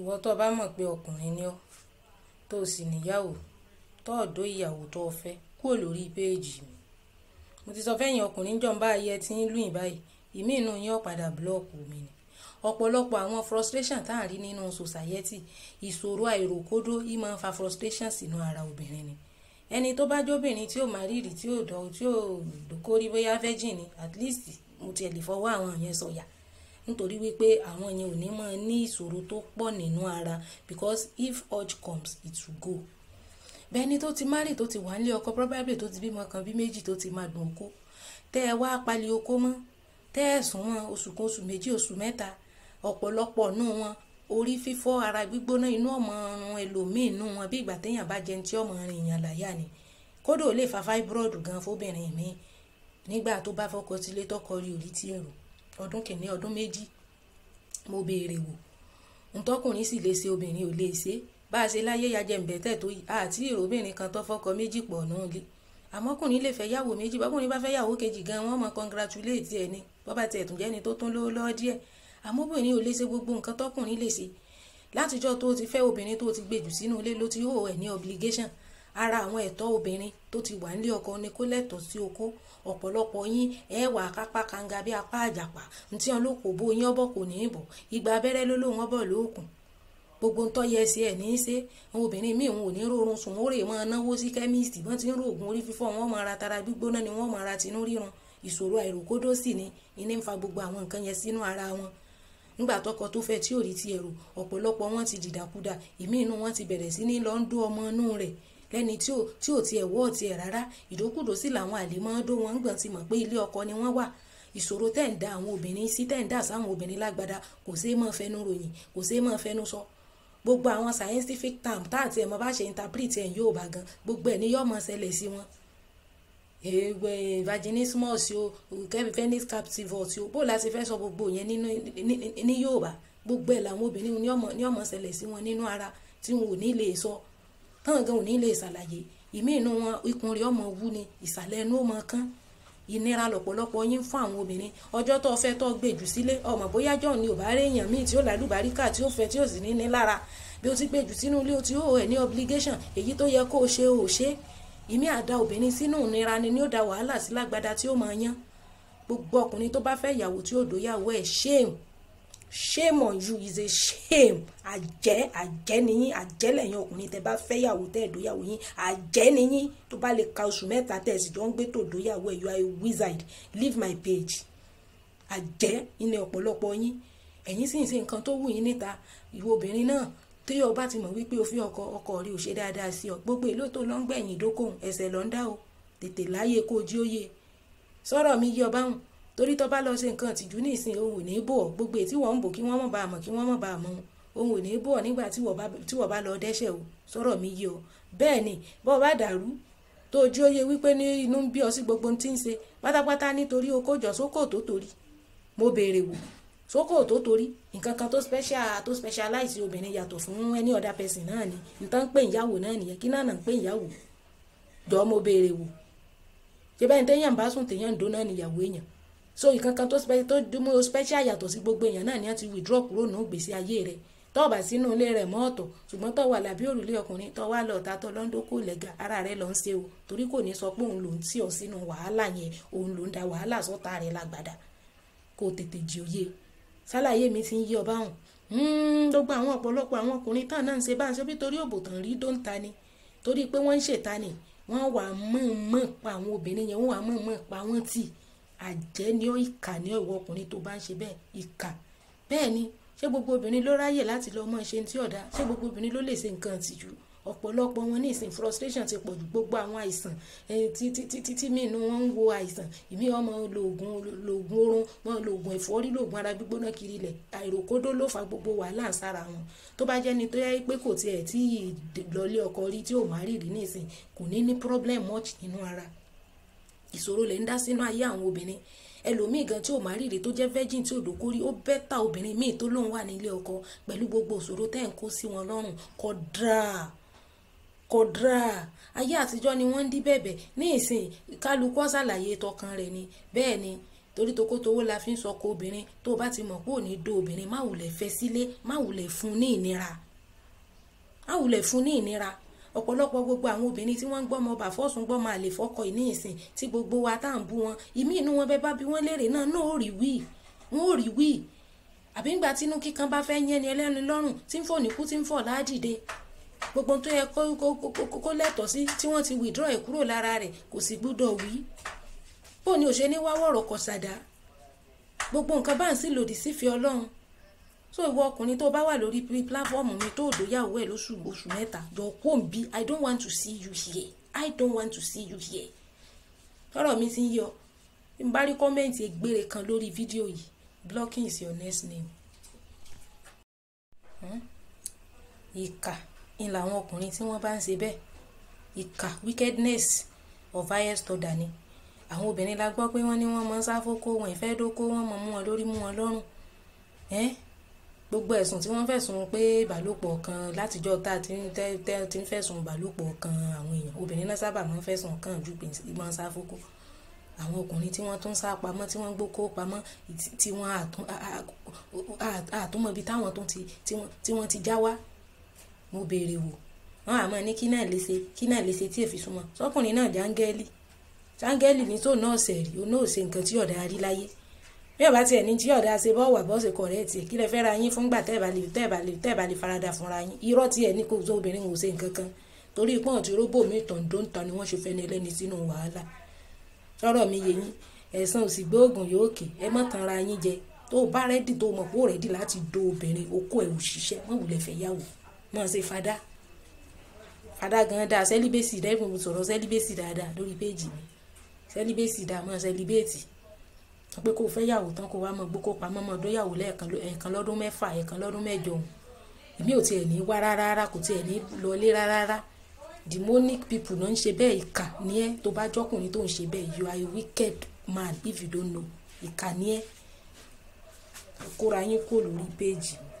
ìwọ tó bá mọ̀ pé ọkùnrin ni ọ́ tó sì níyàwó tó ọ̀dọ́ ìyàwó tó o fẹ́ kúrò lórí péèjì mi mo ti sọ fẹ́yìn ọkùnrin jọ̀ǹba ayé tí ń lù yín báyìí ìmí inú yín ó padà búlọ́ọ̀kù mi ni ọ̀pọ̀lọpọ̀ àwọn frustration tá à ń rí nínú society ìṣòro àìròkódó yìí máa ń fa frustration sínú ara obìnrin ni ẹni tó bá jóbìnrin tí ò má rírì tí ò dọ̀ tí ò dókórí bóyá virgin ni at least mo tiẹ̀ lè fọwọ́ àwọn yẹn sọ̀yà so nítorí wípé àwọn yẹn ò ní máa ní ìṣòro tó pọ̀ nínú ara because if urge comes it will go bẹ́ẹ̀ni tó ti márì tó ti wà nílé ọkọ probably tó ti bímọ kan bí méjì tó ti máa dùn oko tẹ́ ẹ wá pali oko mọ́ tẹ́ ẹ sùn wọn oṣù kan oṣù méjì oṣù mẹ́ta ọ̀pọ̀lọpọ̀ nù wọn orí fífọ́ ara gbígbóná inú ọmọ ọrùn ẹlòmíín nù wọn bí ìgbà téèyàn bá jẹun tí ọmọ rìn yàn láyà ni kódò lè fa fáibúrọ̀dù gan fóbìnrin mi nígbà tó bá fọkọ sílé tọkọ rí orí tí èrò ọdún kìíní ọdún méjì mo béèrè wò ntọ́kùnrin sì lè ṣe obìnrin ò lè ṣe bá a ṣe láyé yajẹ ǹbẹ̀tẹ̀ tó yìí àti ìròbìnrin kan tó fọkọ méjì pọ̀ náà lé àmọ́kùnrin lè fẹ́ yàwó méjì bọ́kùnrin bá fẹ́ yàwó kejì gan wọ́n mọ congratulate ẹ̀ ni bọ́ba tiẹ̀ tún jẹ́ni tó tún lówó lọ́ọ́ díẹ̀ àmọ́bìnrin ò lè ṣe gbogbo nǹkan tọ́kùnrin lè ṣe látijọ́ tó ti fẹ́ obìnrin tó ti gbèjù sínú ilé ló ti hò ẹ̀ ní obligation ara àwọn ẹ̀tọ́ obìnrin tó ti wà nílé ọkọ ni kó lẹ́tọ̀ọ́ sí okó ọ̀pọ̀lọpọ̀ yín ẹ wà kápá kanga bí apá àjàpá ntí wọn ló kò bó yín ọbọ̀ kò ní í bọ̀ ìgbà abẹ́rẹ́ ló lóun ọbọ̀ lóòkùn gbogbo ń tọ́yẹ ẹsẹ̀ ẹ̀ ní í ṣe àwọn obìnrin míì wọn ò ní rọrùn sùn ó rè máa náwó sí kẹ́míìsì wọ́n ti ń rògùn orí fífọ́ wọn máa ra tara gbígbóná ni wọ́n máa ra tinú rírun ìṣòro àìròkódó sì ni iná ń fa gbogbo àwọn nǹkan yẹn sínú ara wọn nígbà tọkọ tó fẹ́ tí ò rí ti ẹ̀rù ọ̀pọ̀lọpọ̀ wọn ti dìdàkudà ìmí inú wọn ti bẹ̀rẹ̀ sí ní lọ ọmọ inú rẹ̀ lẹ́ni tí ò tí ò tiẹ̀ wọ́ tiẹ̀ rárá ìdókòdó sí làwọn àlèmọ́dó wọn ń gbọ̀n ti mọ̀ pé ilé ọkọ ni wọ́n wà ìṣòro tẹ̀ ń da àwọn obìnrin sí tẹ̀ ń dà sáwọn obìnrin lágbada kò ṣeé mọ́ fẹnu ròyìn kò ṣeé mọ́ fẹnu sọ gbogbo àwọn scientific term tá àti ẹ̀mọ́ bá ṣe interpret ẹ̀ yóò bá gan gbogbo ẹ̀ ní yọ́ mọ́ ṣẹlẹ̀ sí wọn ewé vaginismus o kẹ́mífẹ́nis captivus o bó láti fẹ́ sọ gbogbo yẹn nínú ní Yorùbá gbogbo ẹ̀ làwọn obìnrin ní ọmọ ṣẹlẹ̀ sí wọn nínú ara tí wọn ò ní lè sọ. So táwọn gan ò ní lè ṣàlàyé ìmí inú wọn ikùn rẹ̀ ọmọ wú ni ìsàlẹ̀ ẹnu ó kán ìnira lọ́pọ̀lọpọ̀ yín fún àwọn obìnrin ọjọ́ tó fẹ́ tó gbèjù sílé ọmọ bóyá jọ ni ò bá rí èèyàn míì tí ó lálùbáríkà tí ó fẹ́ tí ó sì ní lára bí ó ti gbèjù sínú ilé ó ti hó ẹ̀ ní obligation èyí tó yẹ kó o ṣe o ṣe ìmí àdá obìnrin sínú ìnira ni ni ó da wàhálà sí lágbádá tí ó máa yán gbogbo ọkùnrin tó bá fẹ́ ìyàwó tí ó dòyàwó ẹ̀ ṣéèmù shame on you is a shame àjẹ́ àjẹ́ nìyín àjẹ́ lẹ́yìn ọkùnrin tẹ́ bá fẹ́ yàwó tẹ́ ẹ̀dọ́yàwó yín àjẹ́ nìyín tó bá lè ka oṣù mẹ́ta tẹ́ ẹ̀sìn jọ ń gbé tó dọ́yàwó ẹ̀ you are a wizard leave my page àjẹ́ ilẹ̀ ọ̀pọ̀lọpọ̀ yín ẹ̀yin sì ń ṣe nǹkan tó wù yín níta ìwọ obìnrin náà téyọ̀ bá ti mọ̀ wípé o fi ọkọ ọkọ rí o ṣe dáadáa sí ọ gbogbo èlò tó lọ́ngbẹ̀yìn ìdókòwò ẹsẹ̀ lọ́ndà o tètè láyé kó o jí ó yé sọ̀rọ̀ mi yí ọ báwọn torí tó bá lọ ṣe nǹkan tìjú nísìn òun ò ní bò ọ́ gbogbo ètí wọ́n ń bò kí wọ́n mọ̀ bá a mọ̀ kí wọ́n mọ̀ bá a mọ̀ òun ò ní bò ọ́ nígbà tí wọ́n bá lọ dẹ́ṣẹ̀ o sọ̀rọ̀ mi yé ọ bẹ́ẹ̀ ni bọ́ ọ bá dàrú tó ojú ó yẹ wípé ní inú ń bí ọ sí gbogbo ohun tí ń ṣe pátápátá nítorí o kò jọ sókò tó torí mo béèrè wò sókò tó torí nǹkan kan tó special tó specialize obìnrin yàtọ̀ fún any other person náà ni nǹkan ń pè ìyàwó náà nìyẹn kí náà náà ń pè ìyàwó jọ mo béèrè wò ṣe bẹ́ẹ̀ ni téèyàn bá sùn téèyàn ń dóná níyàwó èèyàn so ìkankan tó tó mú o special yàtọ̀ sí gbogbo èèyàn náà ni wọ́n ti withdraw kúrò nù gbèsè ayé rẹ̀ tó bá sínú ilé rẹ̀ mọ́ ọ̀tọ̀ ṣùgbọ́n tó wà lábẹ́ òrùlé ọkùnrin tó wà lọ́ọ̀ta tó lọ́ńdó kò lẹ́gà ara rẹ̀ ló ń ṣe o torí kò ní sọ pé òun ló ń tì ọ́ sínú wàhálà yẹn òun ló ń da wàhálà sọ́ta rẹ̀ lágbàdà kó tètè jí òye ṣàlàyé mi ti ń yí ọba hàn hmm, gbogbo àwọn ọ̀pọ̀lọpọ̀ àwọn ọkùnrin tán náà ń ṣe bá ń ṣe bí torí òbò tán rí dó ń ta ni torí pé wọ́n ń ṣèta ni wọ́n wà mọ̀ọ́mọ̀ pa àwọn obìnrin yẹn wọ́n wà mọ̀ọ́mọ̀ pa wọ́n tì í àjẹ́ ni ó ìkà ni ó ìwọ ọkùnrin tó bá ń ṣe bẹ́ẹ̀ ìkà bẹ́ẹ̀ ni ṣé gbogbo obìnrin ló ráyè láti lọ mọ ṣe tí ọ̀dà ṣé gbogbo obìnrin ló lè ṣe nǹkan àtìjú ọ̀pọ̀lọpọ̀ wọn ní ìsìn frustration ti pọ̀ ju gbogbo àwọn àìsàn títí mí inú wọn ń wo àìsàn ìmí ọmọ lòògùn lòògùn oorun wọn lòògùn ẹ̀fọ́rí lòògùn ara gbígbóná kiri ilẹ̀ àìròkódó ló fa gbogbo wàhálà sára wọn tó bá jẹ́ ni tó yẹ pé kò tiẹ̀ tí ì lọlé ọkọ rí tí ò má rí rí ní ìsìn kò ní ní problem much nínú ara ìṣòro lè ń dá sínú ayé àwọn obìnrin ẹlòmíì gan tí ò má rírì tó jẹ́ virgin tí ò dókórí ó bẹ́tà obìnrin míì tó lóun wà nílé ọkọ pẹ̀lú gbogbo òṣòro tẹ́ ẹ̀ ń kó sí wọn lọ́rùn kọ́ dáa kọdra ayé àtijọ́ ni wọ́n ń dí bẹ̀bẹ̀ ní ìsìn kálukọ́ ṣàlàyé tọkàn rẹ̀ ni bẹ́ẹ̀ ni torí tokótowó la fi ń sọkọ obìnrin tó o bá ti mọ̀ pé ò ní do obìnrin má wulẹ̀ fẹ́ sílé má wulẹ̀ fún ní ìnira má wulẹ̀ fún ní ìnira ọ̀pọ̀lọpọ̀ gbogbo àwọn obìnrin tí wọ́n ń gbọ́mọ bà fọ́sùn gbọ́mọ àlè fọ́kọ ìní ìsìn tí gbogbo wa tá à ń bú wọn ìmí inú wọn bẹ́ẹ̀ bá bí wọ́n léèrè náà náà ó rí wí wọ́n ó rí wí àbí ńgbà tínú kíkan bá fẹ́ yẹn ni ẹlẹ́ni lọ́rùn tí ń fò níkú tí ń fò ládìde gbogbo tó yẹ kó lẹ́tọ̀ọ́ sí tí wọ́n ti withdraw ẹ̀ kúrò lára rẹ̀ kò sì gbúdọ̀ wí bó ni òṣèlú wá wọ̀rọ̀ kọ̀sàdá gbogbo nǹkan bá ń sí lòdì sífẹ́ ọlọ́run so ìwọ ọkùnrin tó bá wà lórí platform mi tó òdòyàwó ẹ lóṣù oṣù mẹ́ta your home be i don't want to see you here i don't want to see you here tọrọ mi ti ń yọ n bá rí kọ́mẹ́ǹtì egbére kan lórí fídíò yìí blocking is your next name hmm? ìkà ń làwọn ọkùnrin tí wọ́n bá ń ṣe bẹ́ẹ̀ ìkà wickedness of highest order ni àwọn obìnrin la gbọ́ pé wọ́n ní wọ́n mọ ń sáfókó wọn ìfẹ́ dókó wọ́n mọ mú wọn lórí mú wọn lọ́rùn eh? gbogbo ẹ̀sùn tí wọ́n fẹ̀sùn pé ìbálòpọ̀ kan látijọ́ tá a ti ń fẹ̀sùn ìbálòpọ̀ kan àwọn èèyàn obìnrin náà sábà máa ń fẹ̀sùn kan ju ìbọn sáfókò àwọn ọkùnrin tí wọ́n tún sá pamọ́ tí wọ́n gbókó pamọ́ tí wọ́n àtúmọ̀bi táwọn tó ti tí wọ́n ti já wá mo béèrè wò wọ́n àmọ́ ní kí náà lè ṣe kí náà lè ṣe tí èfi súnmọ́ sọkùnrin náà jáńgẹ́lì jáńgẹ́lì ní tó náà ṣẹ̀rí ó náà ṣe nǹkan tí ọ̀dà rí láyé bí ọba tiẹ̀ ní tí ọ̀dà ṣe bọ́ọ̀wà bọ́ọ̀sì kọ̀rẹ́ẹ̀tì kí lẹ fẹ́ ra yín fúngbà tẹ́ẹ̀bà lè tẹ́ẹ̀bà lè tẹ́ẹ̀bà lè farada fúnra yín irọ́ tiẹ̀ ní kò tó obìnrin kò ṣe nǹkan kan torí ipọ́n ti róbò mi tọ̀ǹdó ń ta ni wọ́n ṣe fẹ́ni ẹlẹ́ni sínú wàhálà sọ̀rọ̀ mi yé yín ẹ̀sán òsì gbóògùn yóò kè ẹ mọ́ tan ra yín jẹ tó bá rẹ́dì tó mọ̀ pé ó rẹ́dì láti do obìnrin okó ẹ̀ òṣìṣẹ́ mọ̀ wùlẹ̀ fẹ́ yàwó mọ̀ ṣe fada fada gan da sẹ́líbèsì dẹ́kun sọ̀rọ̀ sẹ́líbèsì dáadáa lórí péèjì mi sẹ́líbèsì dáa mọ̀ sẹ́líbèsì pé kó o fẹ́ yàwó tán kó o wá mọ gbó kó pamọ́ mọ ọdún yàwó lẹ́ẹ̀kan ẹ̀ẹ̀kan lọ́dún mẹ́fà ẹ̀ẹ̀kan lọ́dún mẹ́jọ òun èmi ò tiẹ̀ ní wá rárá kò tiẹ̀ ní lọlé rárá demonic people náà ń ṣe bẹ́ẹ̀ ìkà ní ẹ́ tó bá jọ́kùnrin tó ń ṣe bẹ́ẹ̀ you are a wicked man if you don't know ìkà ní ẹ́ kóra yín kó lórí péjì mi.